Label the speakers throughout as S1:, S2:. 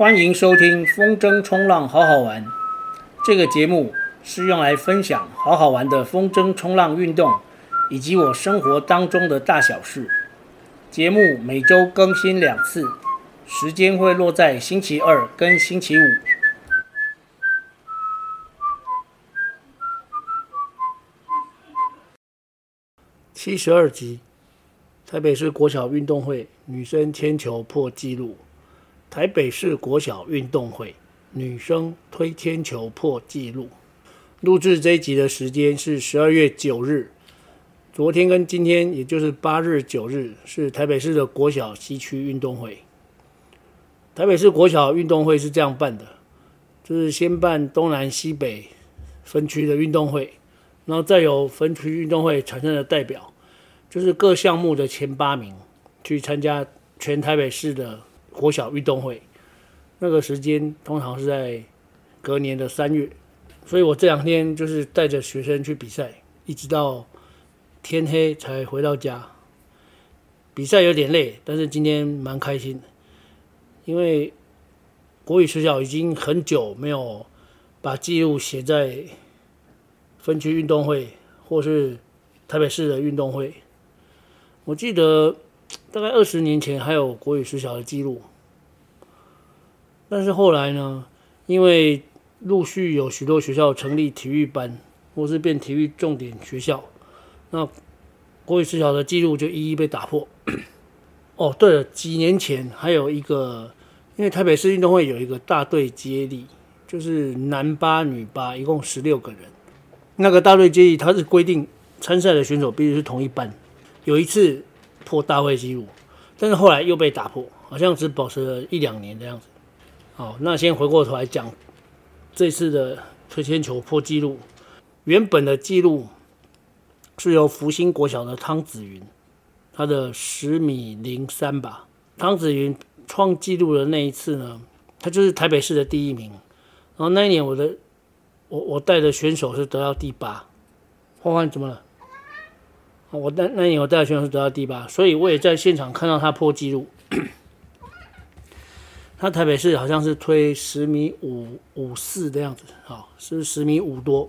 S1: 歡迎收聽風箏衝浪好好玩。這個節目是用來分享好好玩的風箏衝浪運動，以及我生活當中的大小事。節目每周更新兩次，時間會落在星期二跟星期五。七十二集，台北市國小運動會，女生鉛球破紀錄。台北市國小運動會女生推鉛球破紀錄。錄製這一集的時間是十二月九日。昨天跟今天，也就是八日、九日，是台北市的國小西區運動會。台北市國小運動會是這樣辦的，就是先辦東南西北分區的運動會，然後再由分區運動會產生的代表，就是各項目的前八名去參加全台北市的。國小運動會那個時間通常是在隔年的三月，所以我這兩天就是帶着學生去比賽，一直到天黑才回到家。比賽有點累，但是今天蠻開心，因為國語實小已經很久沒有把記錄寫在分區運動會或是台北市的運動會。我記得大概二十年前還有國語實小的記錄。但是後來呢，因為陸續有許多學校成立體育班，或是變體育重點學校，那國語實小的記錄就一一被打破。 哦，對了，幾年前還有一個，因為台北市運動會有一個大隊接力，就是男八女八，一共十六個人。那個大隊接力，它是規定參賽的選手必須是同一班。有一次破大會紀錄，但是後來又被打破，好像只保持了一兩年的樣子。好，那先回過頭來講，這次的推鉛球破紀錄，原本的紀錄是由福星國小的湯子云，他的十米零三吧。湯子云創紀錄的那一次呢，他就是台北市的第一名。然後那一年我的我我帶的選手是得到第八，歡歡怎麼了？我帶那一年我帶的選手是得到第八，所以我也在現場看到他破紀錄。 他台北市好像是推十米五五四的樣子，好，哦，是十米五多，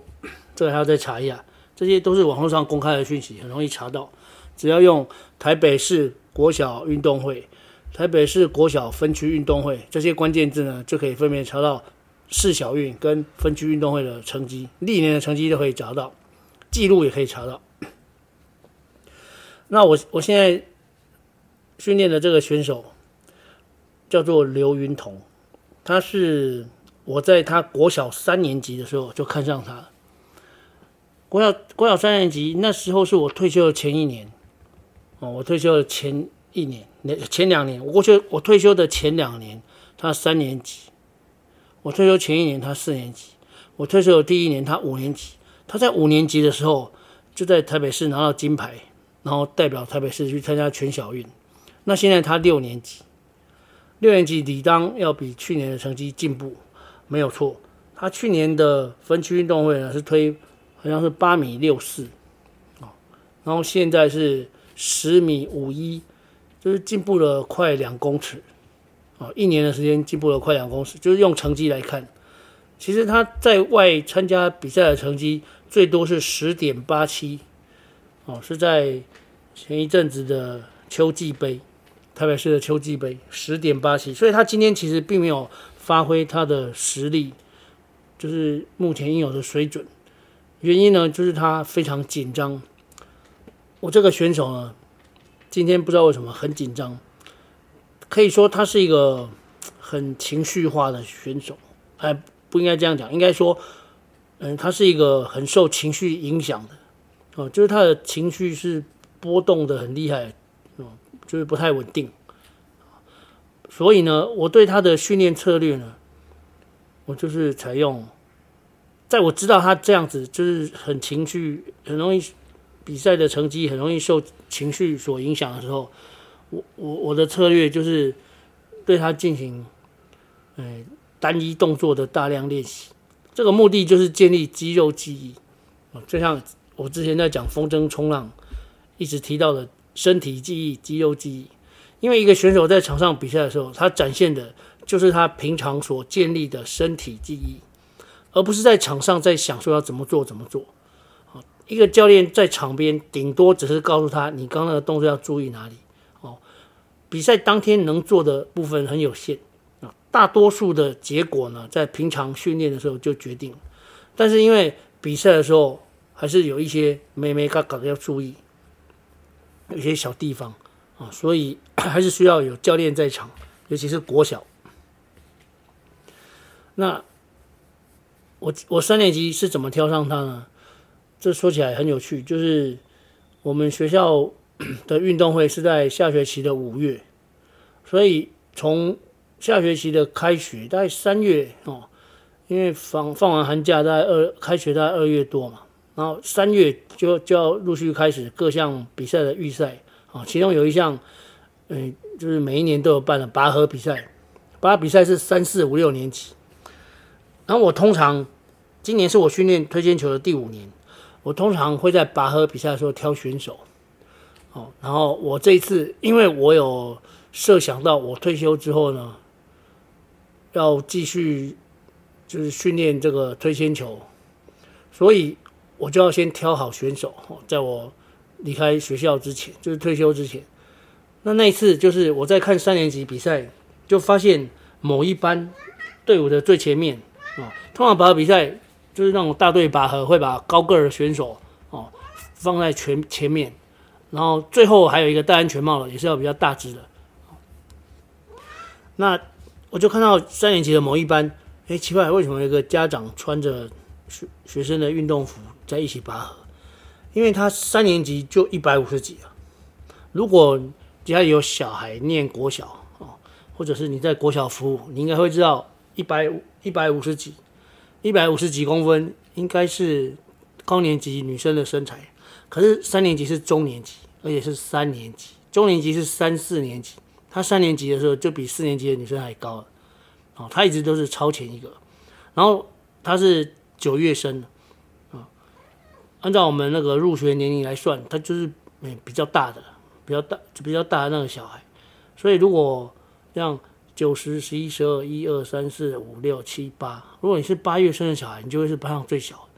S1: 這個還要再查一下。這些都是網絡上公開的訊息，很容易查到。只要用台北市國小運動會、台北市國小分區運動會這些關鍵字呢，就可以分別查到市小運跟分區運動會的成績，歷年的成績都可以查到，記錄也可以查到。那我我現在訓練的這個選手，叫做劉雲彤，他是我在他國小三年級的時候就看上他了。國小國小三年級那時候是我退休的前一年，哦，我退休的前一年、前兩年，我過去我退休的前兩年，他三年級；我退休前一年，他四年級；我退休的第一年，他五年級。他在五年級的時候就在台北市拿到金牌，然後代表台北市去參加全小運。那現在他六年級。六年級理當要比去年的成績進步，沒有錯。他去年的分區運動會呢是推好像是八米六四哦，然後現在是十米五一，就是進步了快兩公尺哦，一年的時間進步了快兩公尺，就是用成績來看，其實他在外參加比賽的成績最多是十點八七哦，是在前一陣子的秋季杯。台北市的秋季杯十點八七，所以他今天其實並沒有發揮他的實力，就是目前應有的水準。原因呢，就是他非常緊張。我這個選手呢，今天不知道為什麼很緊張，可以說他是一個很情緒化的選手，哎，不應該這樣講，應該說，嗯，他是一個很受情緒影響的，哦，就是他的情緒是波動的很厲害。就是不太穩定，所以呢，我對他的訓練策略呢，我就是採用，在我知道他這樣子就是很情緒很容易比賽的成績很容易受情緒所影響的時候，我我我的策略就是對他進行，呃，單一動作的大量練習，這個目的就是建立肌肉記憶，就像我之前在講風箏衝浪一直提到的。身體記憶、肌肉記憶，因為一個選手在場上比賽的時候，他展現的就是他平常所建立的身體記憶，而不是在場上在想說要怎麼做怎麼做。啊，一個教練在場邊頂多只是告訴他：“你剛剛的動作要注意哪裡。”哦，比賽當天能做的部分很有限啊。大多數的結果呢，在平常訓練的時候就決定。但是因為比賽的時候，還是有一些眉眉嘎嘎要注意。有些小地方啊，所以還是需要有教練在場，尤其是國小。那我我三年級是怎麼挑上他呢？這說起來很有趣，就是我們學校的運動會是在下學期的五月，所以從下學期的開學大概三月哦，因為放放完寒假大概二開學大概二月多嘛。然後三月就就要陸續開始各項比賽的預賽，啊，其中有一項，嗯，就是每一年都有辦的拔河比賽。拔河比賽是三四五六年級。然後我通常今年是我訓練推鉛球的第五年，我通常會在拔河比賽的時候挑選手。哦，然後我這一次，因為我有設想到我退休之後呢，要繼續就是訓練這個推鉛球，所以。我就要先挑好選手哦，在我離開學校之前，就是退休之前。那那一次，就是我在看三年級比賽，就發現某一班隊伍的最前面哦，通常拔河比賽就是那種大隊拔河會把高個兒的選手哦放在前前面，然後最後還有一個戴安全帽的，也是要比較大隻的。那我就看到三年級的某一班，哎、欸，奇怪，為什麼有一個家長穿着學學生的運動服？在一起拔河，因為她三年級就一百五十幾了。如果家裡有小孩念國小哦，或者是你在國小服務，你應該會知道一百五一百五十幾一百五十幾公分，應該是高年級女生的身材。可是三年級是中年級，而且是三年級，中年級是三四年級。她三年級的時候就比四年級的女生還高了，哦，她一直都是超前一個。然後她是九月生的。按照我們那個入學年齡來算，他就是嗯比較大的，比較大就比較大的那個小孩。所以如果像九、十、十一、十二、一、二、三、四、五、六、七、八，如果你是八月生的小孩，你就會是班上最小。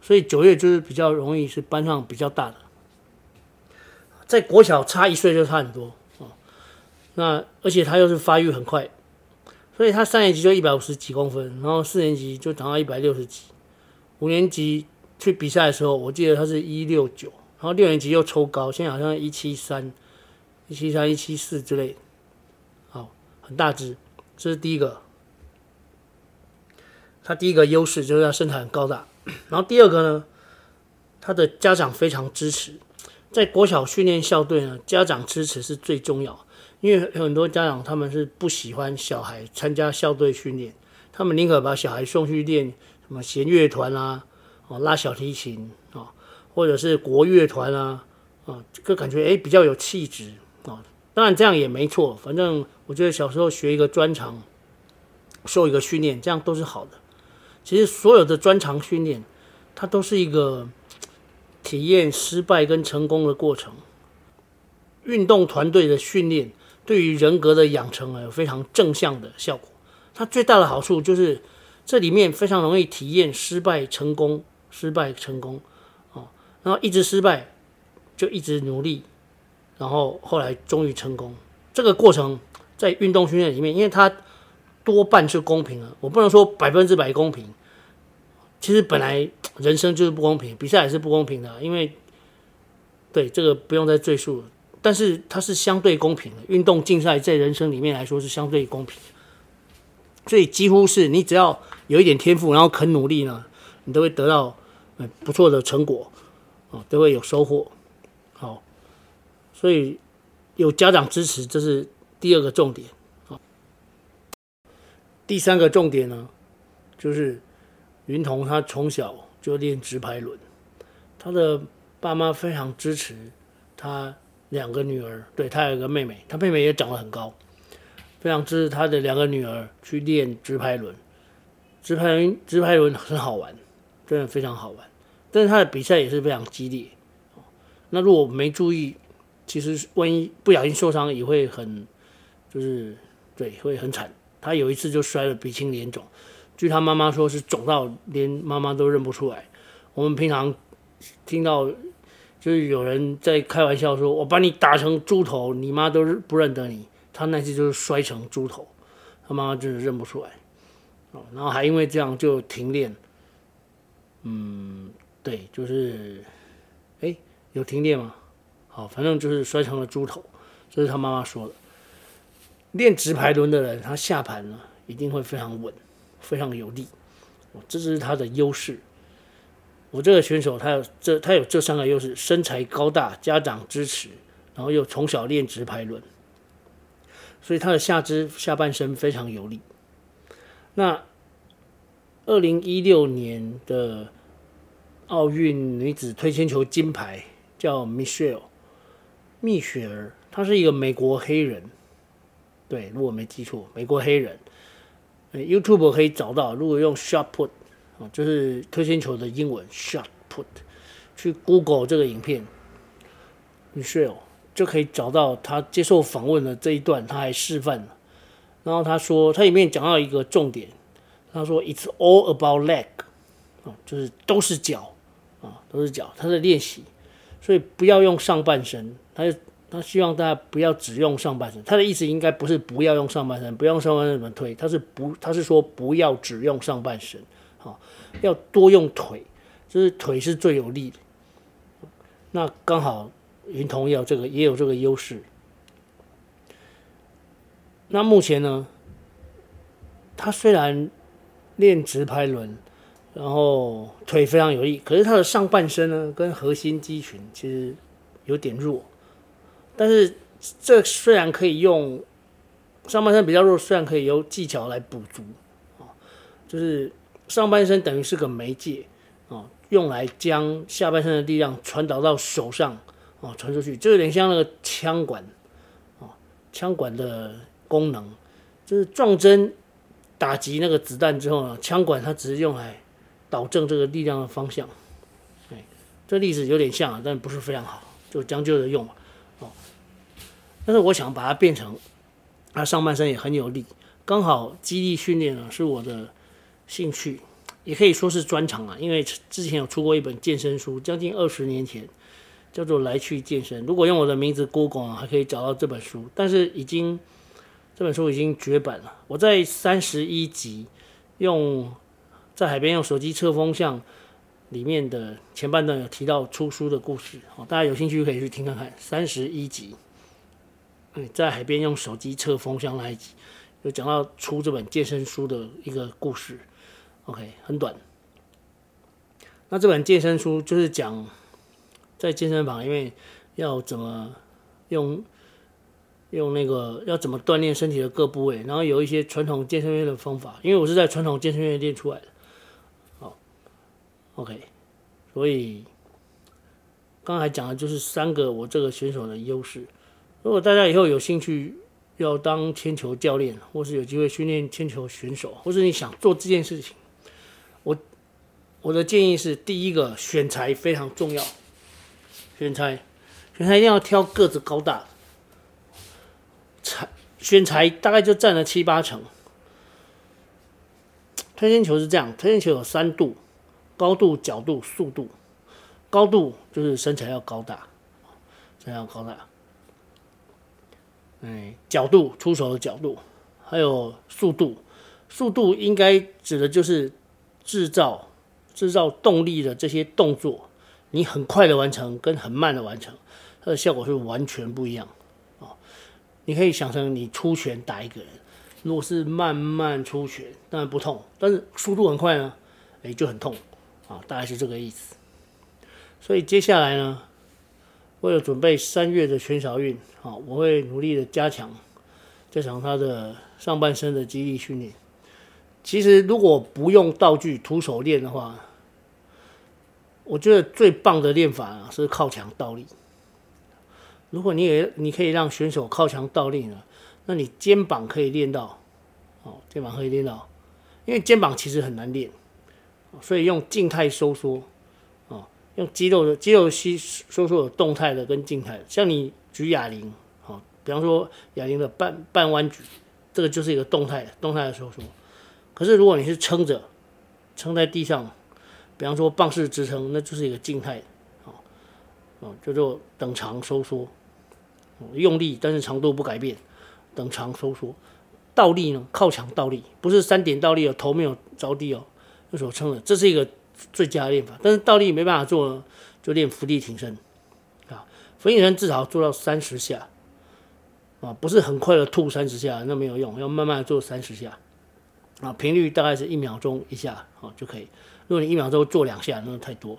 S1: 所以九月就是比較容易是班上比較大的。在國小差一歲就差很多哦。那而且他又是發育很快，所以他三年級就一百五十幾公分，然後四年級就長到一百六十幾，五年級。去比賽的時候，我記得他是一六九，然後六年級又抽高，現在好像一七三、一七三、一七四之類，好，很大隻。這是第一個，他第一個優勢就是他身材很高大。然後第二個呢，他的家長非常支持，在國小訓練校隊呢，家長支持是最重要，因為很多家長他們是不喜歡小孩參加校隊訓練，他們寧可把小孩送去練什麼弦樂團啊。哦，拉小提琴啊，哦，或者是國樂團啊，啊、哦，這個感覺誒、欸、比較有氣質啊。當然這樣也沒錯，反正我覺得小時候學一個專長，受一個訓練，這樣都是好的。其實所有的專長訓練，它都是一個體驗失敗跟成功的過程。運動團隊的訓練對於人格的養成啊，有非常正向的效果。它最大的好處就是這裡面非常容易體驗失敗成功。失敗成功，哦，然後一直失敗，就一直努力，然後後來終於成功。這個過程在運動訓練裡面，因為它多半是公平的。我不能說百分之百公平，其實本來人生就是不公平，比賽也是不公平的。因為對，這個不用再贅述了。但是它是相對公平的，運動競賽在人生裡面來說是相對公平，所以幾乎是你只要有一點天賦，然後肯努力呢。你都會得到很不錯的成果，啊，都會有收穫。好，所以有家長支持，這是第二個重點。第三個重點呢，就是云彤她從小就練直排輪，她的爸媽非常支持她兩個女兒，對，她有一個妹妹，她妹妹也長得很高，非常支持她的兩個女兒去練直排輪。直排輪，直排輪很好玩。真的非常好玩，但是他的比賽也是非常激烈。那如果沒注意，其實萬一不小心受傷也會很，就是對會很慘。他有一次就摔得鼻青臉腫，據他媽媽說是腫到連媽媽都認不出來。我們平常聽到就是有人在開玩笑說：“我把你打成豬頭，你媽都不認得你。”他那次就是摔成豬頭，他媽媽真的認不出來。哦，然後還因為這樣就停練。嗯，對，就是，哎，有停電嗎？好，反正就是摔成了豬頭，這是他媽媽說的。練直排輪的人，他下盤呢一定會非常穩，非常有力，哦，這是他的優勢。我這個選手，他有這，他有這三個優勢：身材高大，家長支持，然後又從小練直排輪，所以他的下肢下半身非常有力。那二零一六年的。奧運女子推鉛球金牌叫 Michelle，蜜雪兒，Michelle，她是一個美國黑人，對，如果沒記錯，美國黑人、欸、，YouTube 可以找到，如果用 shot put，、嗯、就是推鉛球的英文 shot put，去 Google 這個影片，Michelle 就可以找到她接受訪問的這一段，她還示範了。然後她說，她裡面講到一個重點，她說 "It's all about leg"，、嗯、就是都是腳。啊，都是腳，他在練習，所以不要用上半身。他他希望大家不要只用上半身。他的意思應該不是不要用上半身，不要用上半身怎麼推？他是不，他是說不要只用上半身，好、哦，要多用腿，就是腿是最有力的。那剛好雲彤要這個，也有這個優勢。那目前呢，他雖然練直排輪。然後腿非常有力，可是他的上半身呢，跟核心肌群其實有點弱。但是這雖然可以用上半身比較弱，雖然可以用技巧來補足啊，就是上半身等於是個媒介啊，用來將下半身的力量傳導到手上啊，傳出去就有點像那個槍管啊，槍管的功能就是撞針打擊那個子彈之後呢，槍管它只是用來。導正這個力量的方向，哎，這例子有點像，啊，但不是非常好，就將就着用吧。哦，但是我想把它變成，它，啊、上半身也很有力，剛好肌力訓練呢，啊、是我的興趣，也可以說是專長啊。因為之前有出過一本健身書，將近二十年前，叫做《來去健身》。如果用我的名字 Google，啊，還可以找到這本書，但是已經這本書已經絕版了。我在三十一集用。在海邊用手機測風向，裡面的前半段有提到出書的故事哦，大家有興趣可以去聽看看。三十一集，嗯，在海邊用手機測風向那一集，有講到出這本健身書的一個故事。OK，很短。那這本健身書就是講在健身房，因為要怎麼用用那個要怎麼鍛鍊身體的各部位，然後有一些傳統健身院的方法，因為我是在傳統健身院練出來的。OK，所以剛才講的就是三個我這個選手的優勢。如果大家以後有興趣要當鉛球教練，或是有機會訓練鉛球選手，或是你想做這件事情，我我的建議是：第一個選材非常重要，選材選材一定要挑個子高大，才，選材大概就佔了七八成。推鉛球是這樣，推鉛球有三度。高度、角度、速度。高度就是身材要高大，身材要高大。嗯，角度，出手的角度，還有速度。速度應該指的就是製造、製造動力的這些動作，你很快的完成跟很慢的完成，它的效果是完全不一樣啊、哦。你可以想成你出拳打一個人，如果是慢慢出拳，當然不痛，但是速度很快呢，哎，就很痛。啊，大概是這個意思。所以接下來呢，為了準備三月的全小運，啊，我會努力的加強、加強他的上半身的肌力訓練。其實如果不用道具徒手練的話，我覺得最棒的練法啊是靠牆倒立。如果你也你可以讓選手靠牆倒立呢，那你肩膀可以練到，哦，肩膀可以練到，因為肩膀其實很難練。所以用靜態收縮啊、哦，用肌肉的肌肉吸收縮有動態的跟靜態的。像你舉啞鈴，啊、哦，比方說啞鈴的半半彎舉，這個就是一個動態的動態的收縮。可是如果你是撐着撐在地上，比方說棒式支撐，那就是一個靜態啊啊，叫、哦哦、做等長收縮、哦，用力但是長度不改變，等長收縮。倒立呢，靠牆倒立，不是三點倒立哦，頭沒有着地哦。用手撐的，這是一個最佳的練法。但是倒立沒辦法做，就練伏地挺身。啊，伏地挺身至少做到三十下，啊，不是很快的吐三十下，那沒有用，要慢慢做三十下。啊，頻率大概是一秒鐘一下，啊，就可以。如果你一秒鐘做兩下，那太多。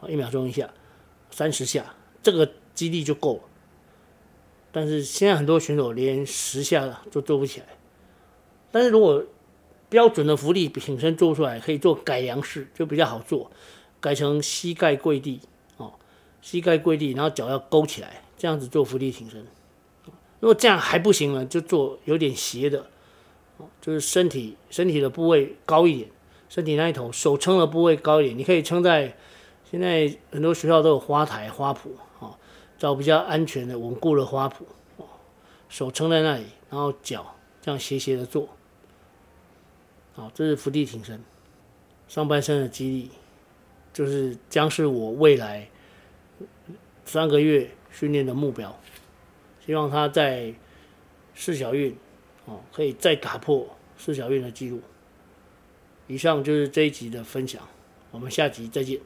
S1: 啊，一秒鐘一下，三十下，這個肌力就夠了。但是現在很多選手連十下都做不起來。但是如果標準的伏地挺身做出來，可以做改良式，就比較好做，改成膝蓋跪地哦，膝蓋跪地，然後腳要勾起來，這樣子做伏地挺身。如果這樣還不行呢，就做有點斜的，哦，就是身體身體的部位高一點，身體那一頭手撐的部位高一點，你可以撐在現在很多學校都有花台花圃哦，找比較安全的穩固的花圃哦，手撐在那裡，然後腳這樣斜斜的做。好，這是伏地挺身，上半身的肌力，就是將是我未來三個月訓練的目標。希望他在四小運，哦，可以再打破四小運的記錄。以上就是這一集的分享，我們下集再見。